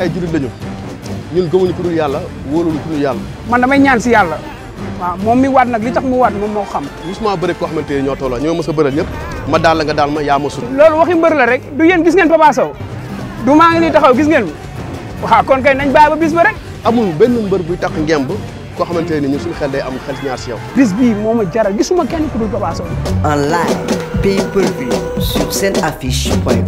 ay jullit lañu ñun gëmuñu ku dul yàlla wóoluñu ku yàlla. man damay ñaan si yàlla. waaw moom mi waat nag li tax mu waat moom moo xam. gisuma bëri koo xamante ne ñoo tolloo ñoo mës a bëral ñëpp ma daal la nga ma yaa ma sut. loolu waxi mbër la rek du yéen gis ngeen Papa Sow du taxaw gis ngeen waaw kon kay nañ bàyyi ba bis ba rek. amul benn mbër buy tax ngemb koo xamante ne ñun suñu xel day am xel ñaar si yow. bis bii moo ma jaral gisuma kenn ku dul Papa Sow. en live pay per view sur seen affiche point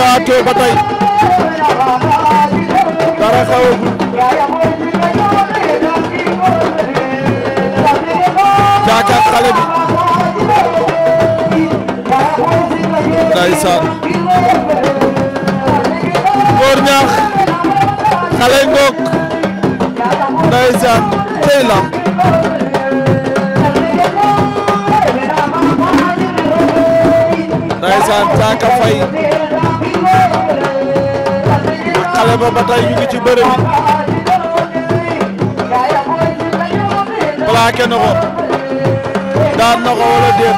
lewaatoo ba tey dara xewagul Caaka xale bi ndeysaan góor xale ngoog ndeysaan tey la ndeysaan xale ba ba tey ñu ngi ci bëre bi plaqué na ko daan na ko wala déet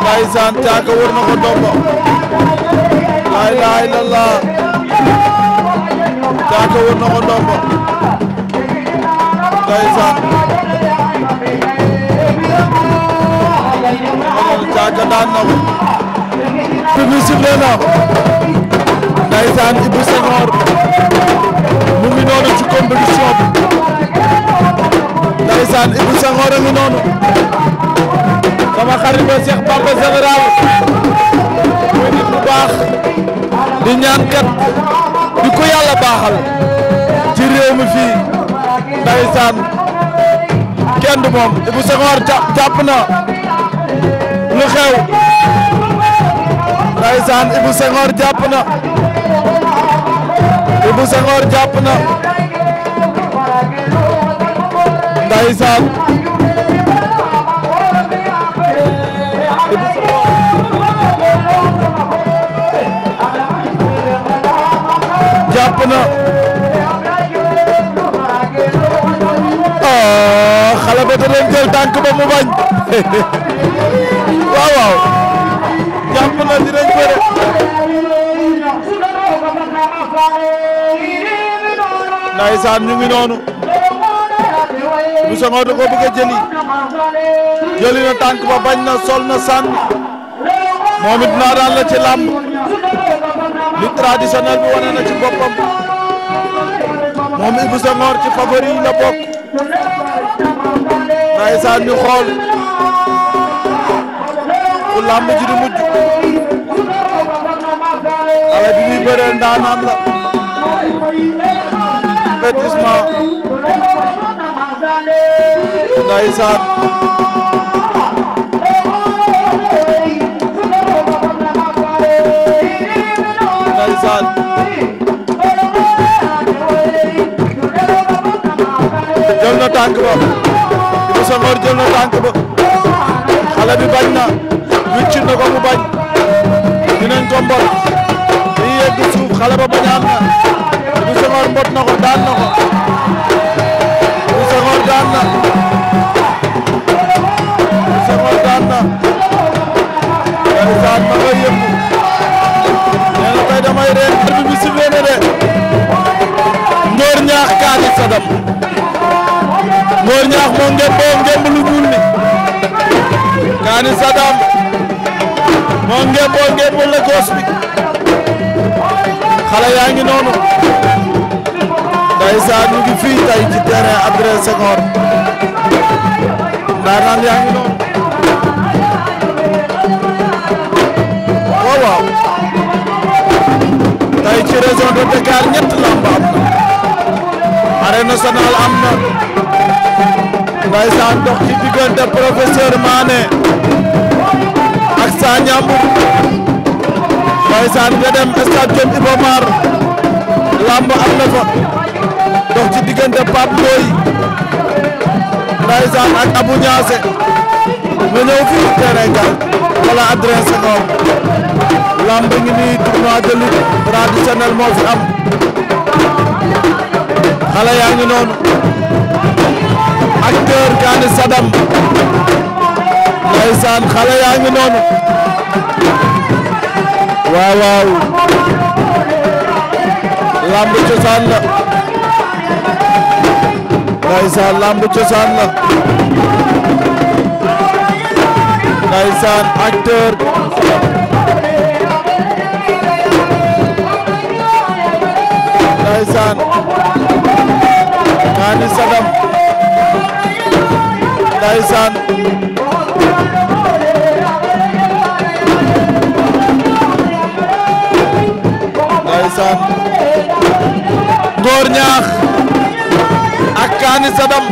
ndeysaan caaka wër na ko domba la ilaha illallah caaka wër na ko domba ndeysaan caaka daan na ko publicité na Ndeysaan Ibou Senghor mu ngi noonu ci compétition bi Ndeysaan Ibou a ngi noonu sama xarit ba Cheikh Bamba baax di ñaan kat di ko yàlla baaxal ci mi fii Ndeysaan kenn moom Ibou Senghor jàpp na lu xew Ndeysaan Ibou Senghor jàpp na Ibou Senghor jàpp na ndeysaan jàpp na ah, xale ba da leen jël tànk ba mu bañ waaw waaw ndaysaan ñu ngi noonu bu Senghor ko bëgg a jëli na tànk ba bañ na sol na sànni moom it naa daan la ci làmb li traditionnel bi wane na ci boppam moom Ibou Senghor ci favori yi la bokk ndaysaan ñu xool ku làmb ji di mujj xale bi muy bëreel ndaanaan la avertissement ndaysaan ndaysaan jël na tànk ba Ibou Senghor jël na tànk ba xale bi bañ na wicci na ko mu bañ dinañ ko mbor di yegg suuf xale ba bañaan na bu Senghor mbot na ko daan na ko bu Senghor daan na bu Senghor daan na ndeysaan ma koy yëpp nee na tey damay reen arbi bi sifflé na de Ngor Ñaax Kaani Sadam Ngor Ñaax moo ngeen boo ngeen lu ñuul ni Kaani Sadam moo ngeen boo ngeen wala goos bi xale yaa ngi noonu ndeysaan ñu ngi fii tey ci terrain Adrien Senghor ndaanaan yaa ngi noonu waaw oh, waaw tey ci région ñett lamb am na arène nationale am na ndeysaan dox ci diggante professeur Mané ak Sa Ndiambour ndeysaan nga dem stade Iba Mar lamb am na fa dox ci diggante Pape Ndoye Ndaysaan ak Abou Niasse nga ñëw fii terrain wala adresse Senghor lamb ngi nii tournoi de lutte traditionnel moo am xale yaa ngi noonu acteur Kani Sadam Ndaysaan xale yaa ngi noonu waaw waaw cosaan la Ndeysaan lamb cosaan la Ndeysaan acteur Ndeysaan Kani Sadam Ndeysaan Ndeysaan Ngor Ñaax Kaani Sadam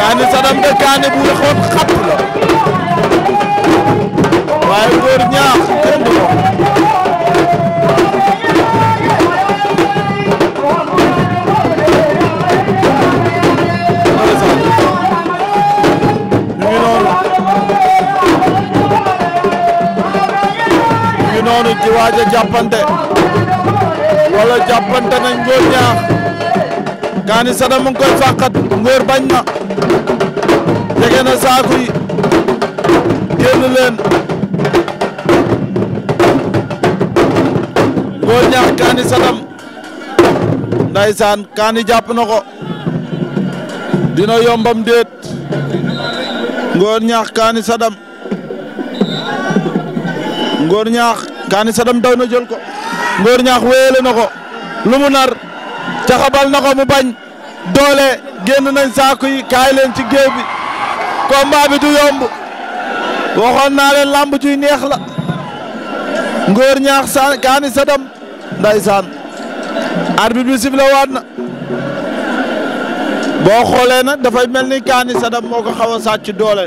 Kaani Sadam de kaani bu waxoon xapp la waaye góor ñaax kenn du ko noonu di waaj a jàppante wala jàppante nañ góor ñaax Kaani Sada mu koy fàqat Ngor bañ na jege na saako yi génn leen Ngor ñaax Kaani Sadam ndaysaan Kaani jàpp na ko dina yombam déet Ngor ñaax Kaani Sadam Ngor ñaax Kaani Sadam daw na jël ko Ngor ñaax wéyale na taxabal na ko mu bañ doole génn nañ saaku yi kaay leen ci géew bi combat bi du yomb waxoon naa leen lamb juy neex la ngóor ñaax sa kaani sadam ndeysaan arbitre bi sifflé waat na boo xoolee nag dafay mel ni kaani sadam moo ko xaw a sàcc doole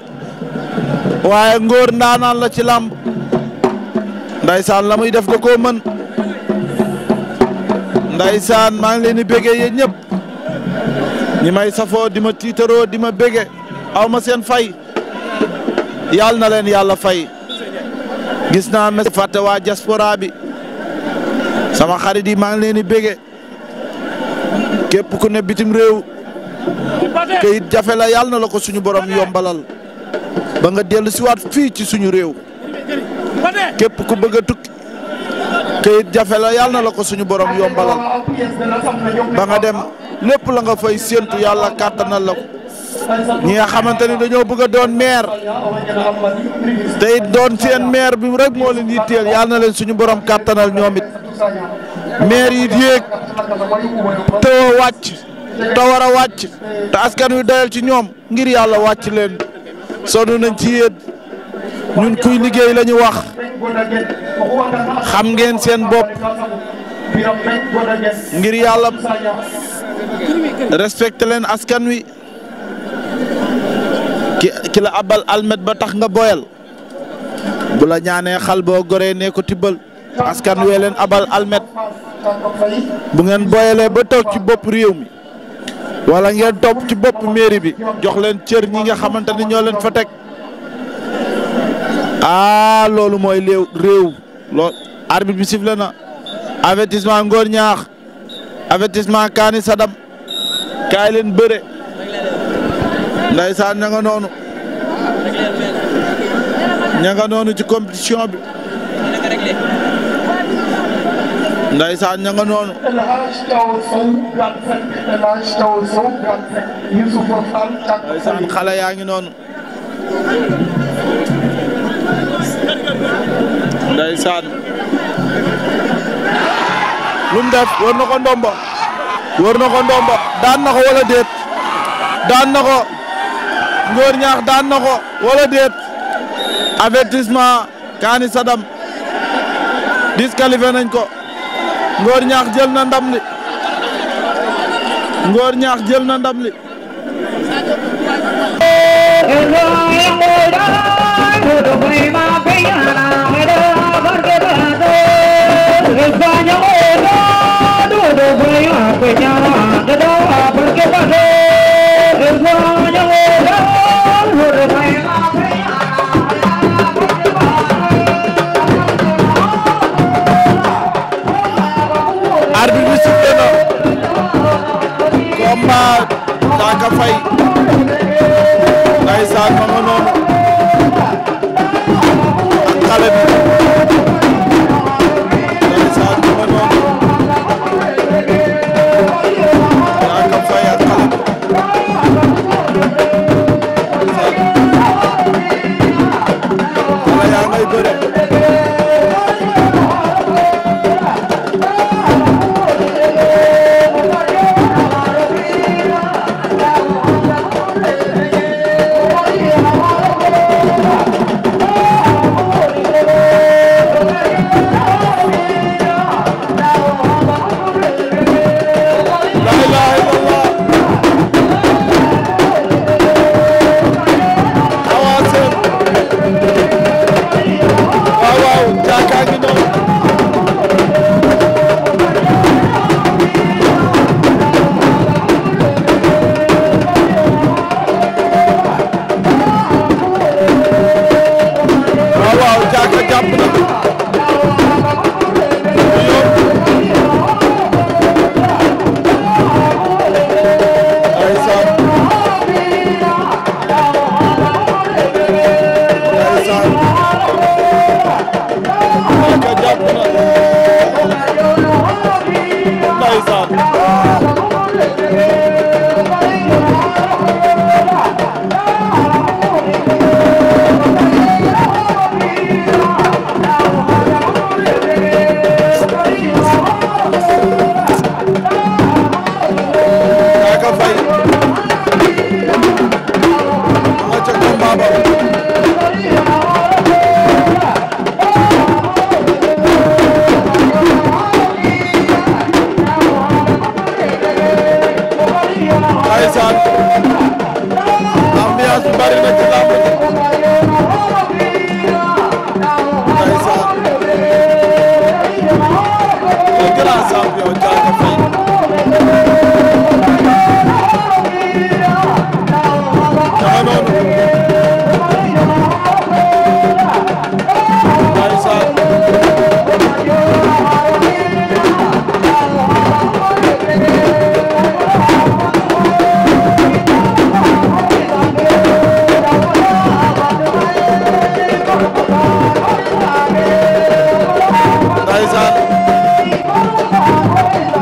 waaye ngóor ndaanaan la ci lamb ndeysaan la muy def da koo mën ndaysaan maa ngi leen di bége yéen ñëpp ñi may safoo di ma tiitaroo di ma bége aw seen fay yàlla na leen yàlla fay gis naa mes fàtte waa diaspora bi sama xarit yi maa ngi leen di bége képp ku ne bitim réew kayit jafe la yàlla na la ko suñu borom yombalal ba nga dellu siwaat fii ci suñu réew képp ku bëgg tukki kayit jafe la yàlla na la ko suñu borom yombalal ba nga dem lépp la nga fay séentu yàlla kàttanal la ko ñi nga xamante ni dañoo bëgg a doon maire te doon seen maire bi rek moo leen yitteel yàlla leen suñu borom kàttanal ñoom it maire yi yéeg te wàcc te wàcc te wi doyal ci ñoom ngir yàlla wàcc leen sonn nañ ci yéen. ñun kuy liggéey la wax xam ngeen seen bopp ngir yàlla respecté leen askan wi ki la abal almet ba tax nga boyal bu la ñaanee xal boo gore ne ko tibbal askan wee leen abal almet bu ngeen boyalee ba toog ci bopp réew mi wala ngeen topp ci bopp mairie bi jox leen cër ñi nga xamante ni ñoo leen fa teg. ah loolu mooy léew réew lool arbitre bi sifflé na avertissement Ngor Ñaax avertissement Kaani Sadam kaay leen bëre ndaysaan ña nga noonu ña nga noonu ci compétition bi ndaysaan ña nga noonu ndaysaan xale yaa ngi noonu ndeysaan lum def wër na ko ndomba wër na ko ndomba daan na ko wala déet daan na ko ngóor ñaax daan na ko wala déet avertissement kaani sadam disqualifié nañ ko ngóor ñaax jël na ndam ndam li Caaka Faye ndeysaan ma nga noonu ak xale bi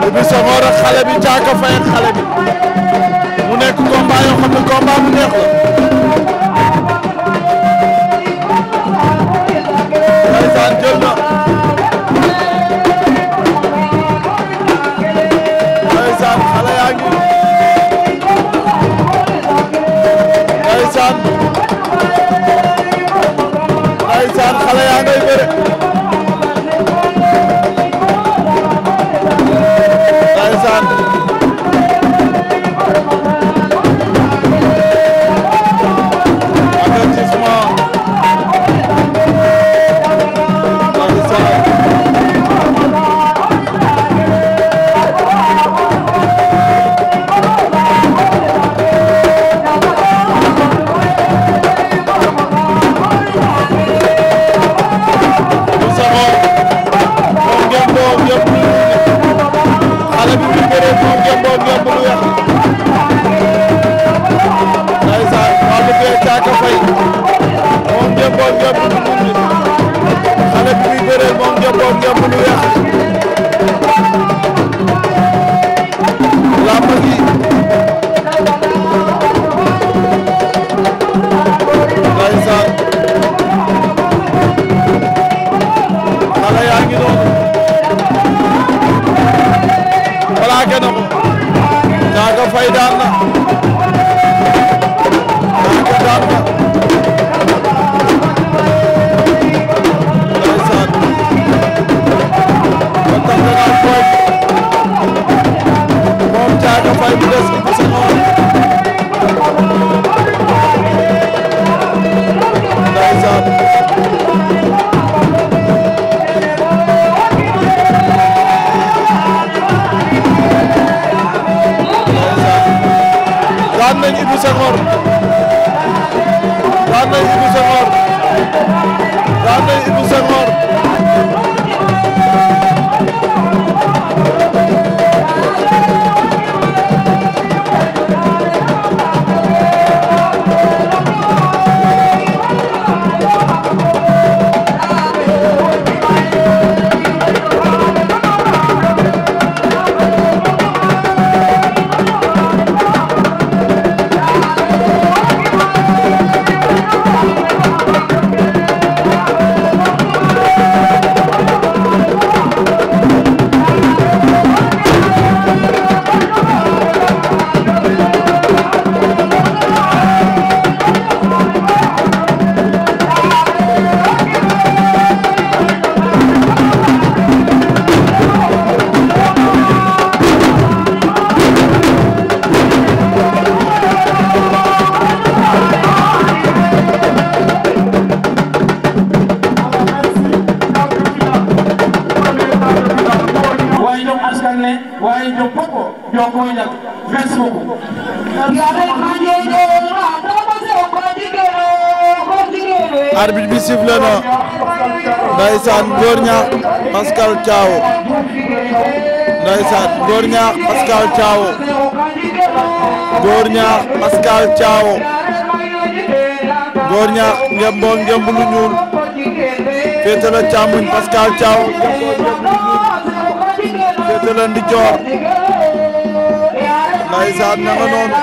Bouby Senghor ak xale bi Thiaka Faye ak xale bi mu nekk ne combat bu neex la ndeysaan jël Thiaw ndeysaan góor ñaax Pascal Thiaw góor ñaax Pascal Thiaw góor ñaax ngem boo lu ñuul féete la càmmuñ Pascal Thiaw ndijoor ndeysaan na nga noonu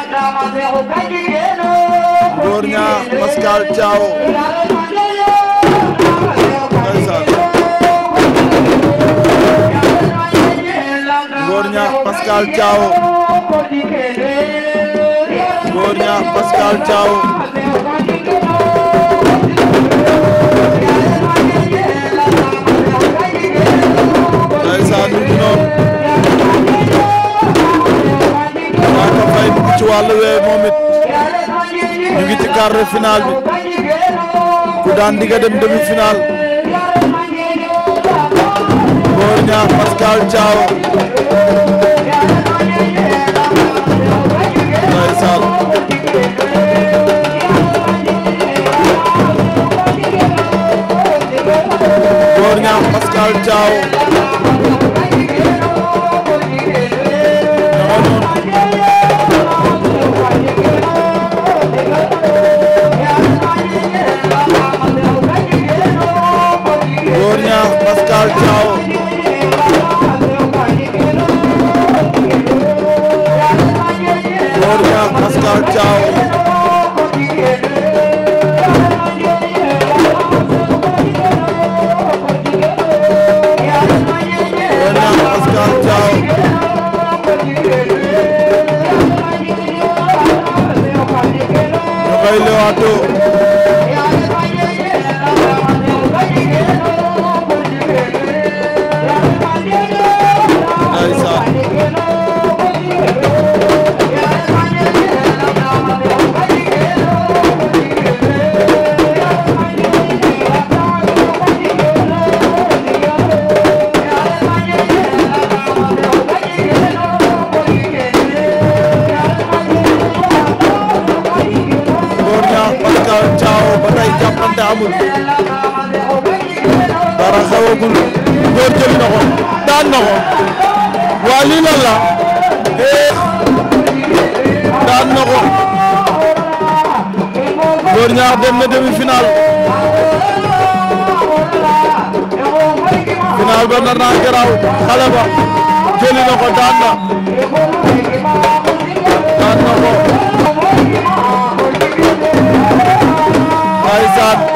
ñaax Pascal Thiaw Ngor Niakh Pascal Thiaw Ngor Niakh Pascal Thiaw ndeysaan mi ngi noonu Ndiaka Faye mu ngi ci wàllu wee moom it ñu ngi ci quart de finale bi ku daan di nga dem demi finale Ngor Niang Pascal Thiaw ndeysaan Ngor Pascal Thiaw Ngor Niakh dem na demi-finale finale ba nar naa garaaw xale ba jëli na ko daan na daan na ko ay saan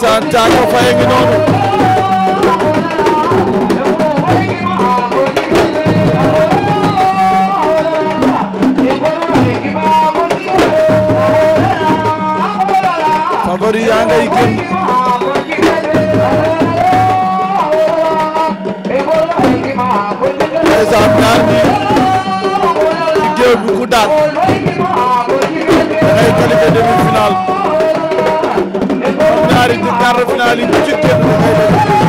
ndeysaan Thiago Faye ngi noonu favori yaa ngay génn ndeysaan ñaar ñi ci géew bi ku daan da ngay qualifié demi-finale ñaari quart de finale yi bu ci génn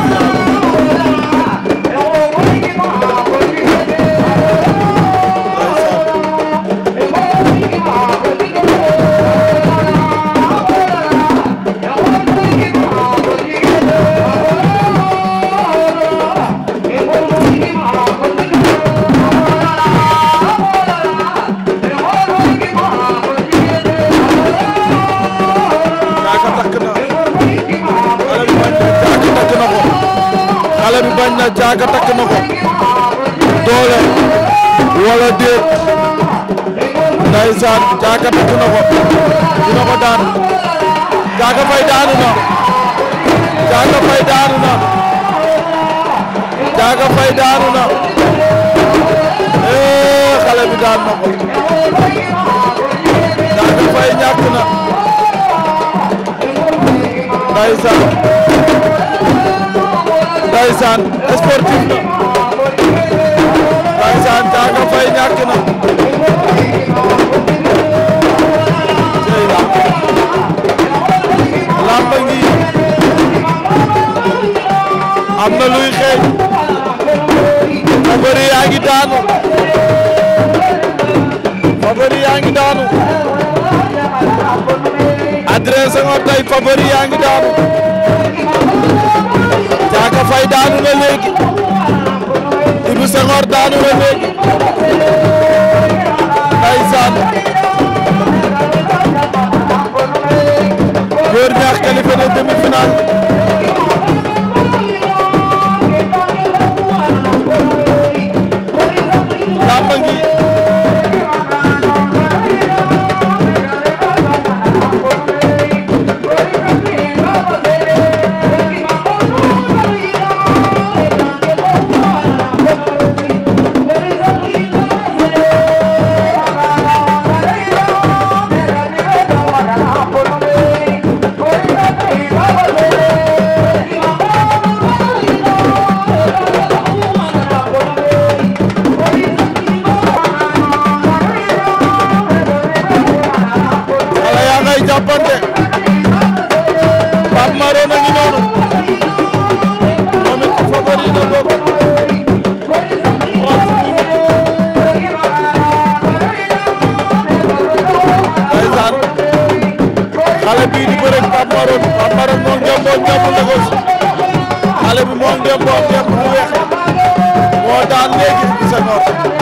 ndeysaan Caaka dugg na ko dina ko daan Caaka Caaka Faye daanu na Caaka Faye daanu na eh xale bi daan na ko Caaka Faye ñàkk na ndeysaan ndeysaan sportif ndeysaan Thiaka Faye ñàkk na tey ngi am luy xeeñ favori yaa daanu favori yaa ngi daanu adresse nga tey favori yaa ngi daanu Thiaka léegi bu Senghor daanu la léegi ndeysaan góor ñaax qualifié na demi-finale Pape Maro Pape Maro moo ngemboo ngemb Lagos xale bi moo ngemboo ngemb bu weex moo daan léegi gis nga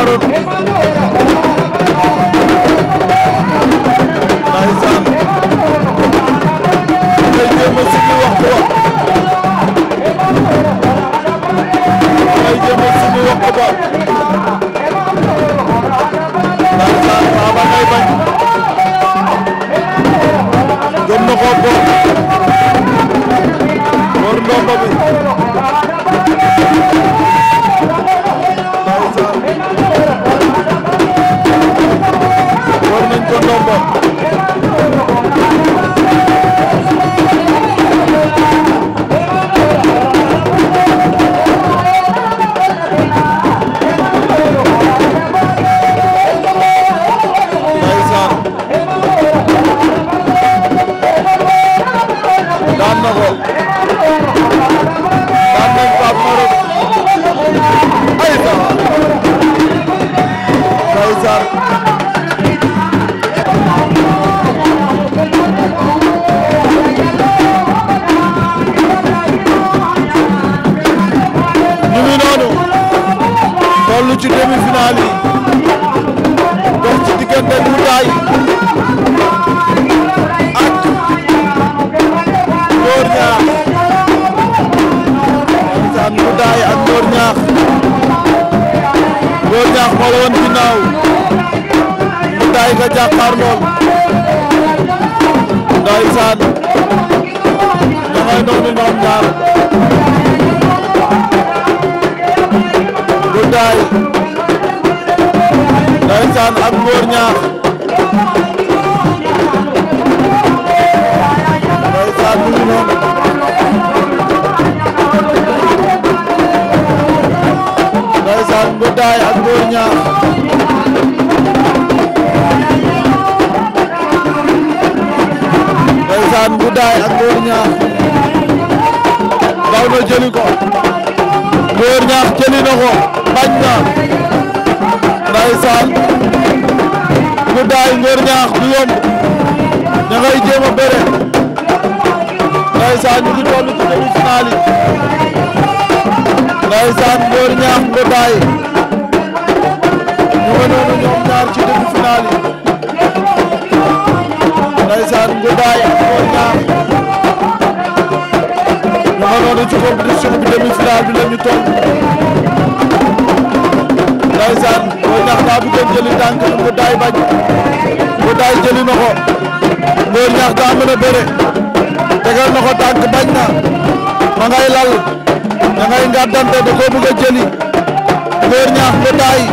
Maroon ndeysaan day jéem a suñu waxtu wa day jéem a suñu waxtu ba ndeysaan Baba ngay bañ gëm na ko góor góor ndomba bi ko jàkkaar lool ndeysaan dafay noonu ñoom ñaar Goudaye ndeysaan ak Ngor Niakh ndeysaan bu daay ak góor ñaax daw na jëli ko góor ñaax jëli na ko bañ na ndeysaan bu daay góor ñaax du yomb ña ngay jéem a bëre ndeysaan ñu ngi toll ci demi-finale yi ndeysaan góor ñaax bu daay ñu nga noonu ñoom ñaar ci demi-finale yi ndeysaan Ngoudaye Boy Niang naka noonu ci compétition bi demi-finale bi la ñu jëli tànk Ngoudaye bañ Ngoudaye mën a bëre tegal na ko bañ na ma lal ma ngay ngàddante da koo bëgg a jëli Boy Niang Ngoudaye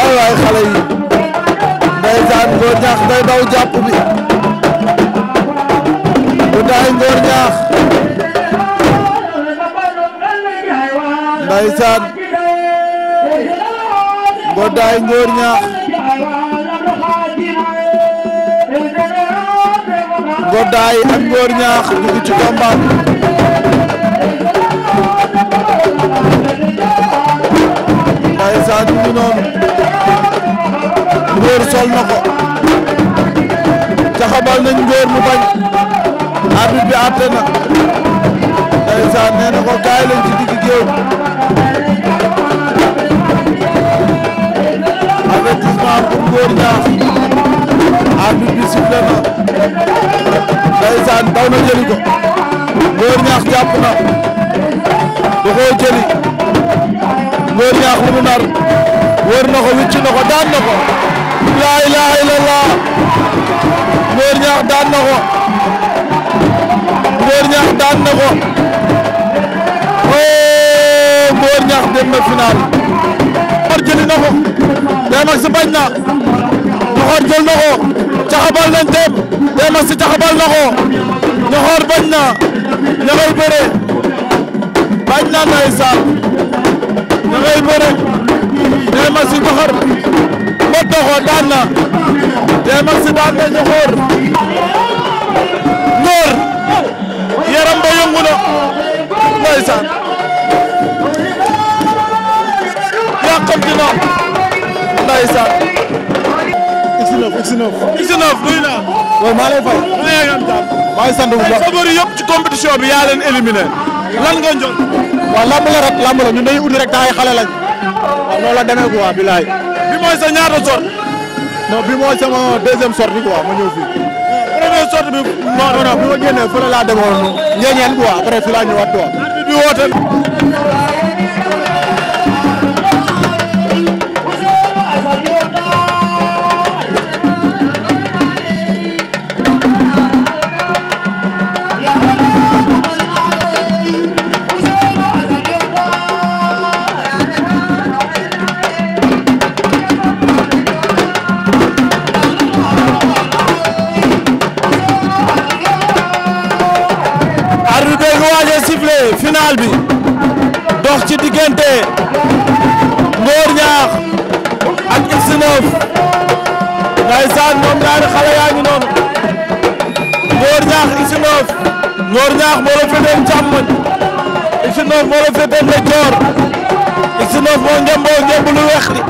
ay waay xale yi ndeysaan Ngor Ñaax day daw jàpp bi bu daay Ngor Ñaax ndeysaan bu daay Ngor Ñaax Godaay ak Ngor Ñaax dugg ci combat ndeysaan ñu noonu ngóor sol na ko jaxabal nañ ngóor mu bañ arbitre bi àtte na ndeysaan nee na ko kaay lañ ci digg géew avertissement pour ngóor ñaar arbitre bi sifflé na ndeysaan daw na jëli ko ñaax jàpp na da koy jëli ngóor ñaax mu nar wër na ko wicc na ko daan na la ilaha illallah Ngor Niakh daan na ko Ngor Niakh daan na ko oh Ngor Niakh dem na final Ngor jëli na ko Demax bañ na Ñoxor jël na ko caxabal nañ teeb Demax caxabal na ko Ñoxor bañ na ña ngay bëre bañ na ndeysaan ña ngay bëre Demax Ñoxor na ko daan na Tee Maxi yaram ba yëngu na ndeysaan yàqamti na ndeysaan X9 X9 X9 naa waaw maa lay fay maa ngi sant bu baax favori yëpp ci compétition bi yaa leen éliminé lan nga njot lamb la rek lamb la ñun dañuy ut rek temps yi xale lañ waaw loolu la demee quoi bilaay mooy sa ñaata sort. non bi mooy sama deuxième sortie quoi ma ñëw fii. première sortie bi. non non bi ma génnee fële laa demoon ñeeñeen quoi après fi laa ñëwaat quoi. bi woote. final bi dox ci diggante Ngor Niakh ak X9 ndeysaan moom ñaari xale yaa ngi noonu Ngor Niakh X9 moo la féetee càmmoñ x moo la féetee ndeyjoor x moo ngemboo ngemb lu weex li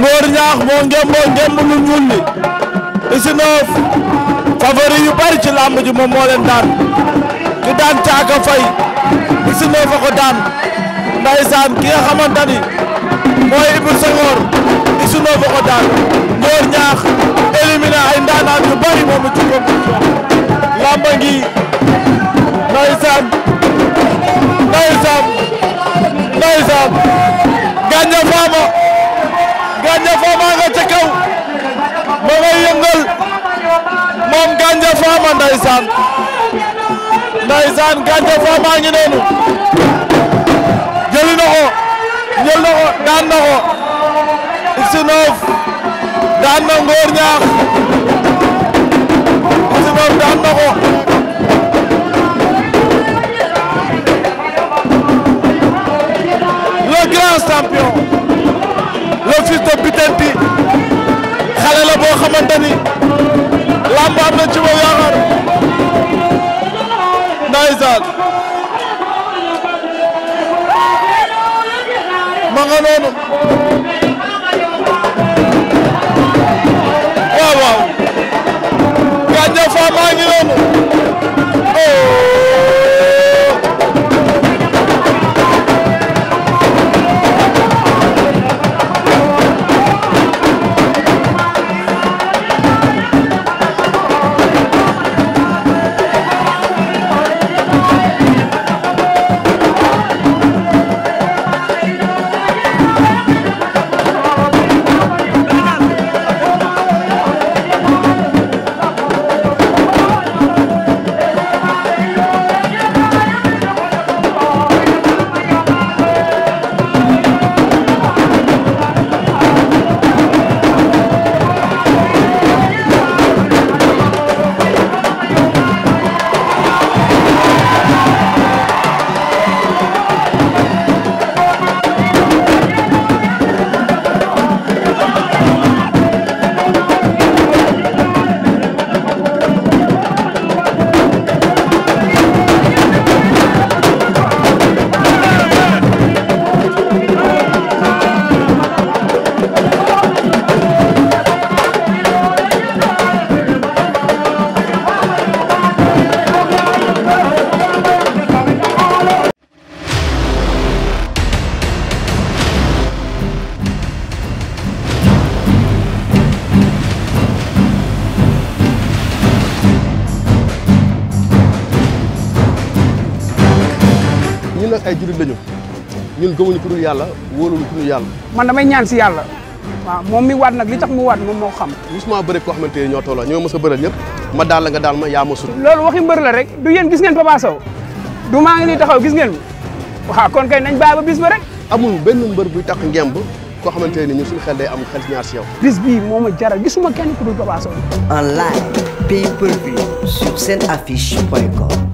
Ngor moo ngemboo ngemb lu ñuul li favori yu bari ci làmb ji moom moo leen daan ki daan caaka fay bisimilah fa ko daan ndaysaan ki nga xamante ni mooy Ibou Senghor bisimilah fa ko daan Ngor ñaax éliminé ay ndaanaan yu bari moomu ci ko lamba ngi ndaysaan ndaysaan ndaysaan gànja faama gànja faama nga ca kaw ma ngay yëngal moom gànja faama ndaysaan ndaysaan Gandia Fama ngi noonu jëli na ko daan na ko daan na Ngor Ñaax X9 daan na ko grand champion le fils de Bitenti xale boo xamante ni na ci moom yaakaar ndeysaan ma nga noonu waaw waaw gàncax faa maa ngi noonu ñun gëmuñu ku yàlla wóolulu ku dul yàlla man damay ñaan si yàlla waaw moom mi waat nag li tax mu waat moom moo xam musuma bëri koo xamante ne ñoo tolloo ñoo mos a bëral ñëpp ma daal la nga daal ma yaa ma sut loolu waxi mbër la rek du yéen gis ngeen Papa du maa ngi nii taxaw gis ngeen waaw kon kay nañ bàyyi ba bis ba rek amul benn mbër buy tax ngemb koo xamante ne ñun suñu xel day am xel si ñaar si yow bis bii moo ma jaral gisuma kenn ku dul Papa Sow en live pay per seen affiche point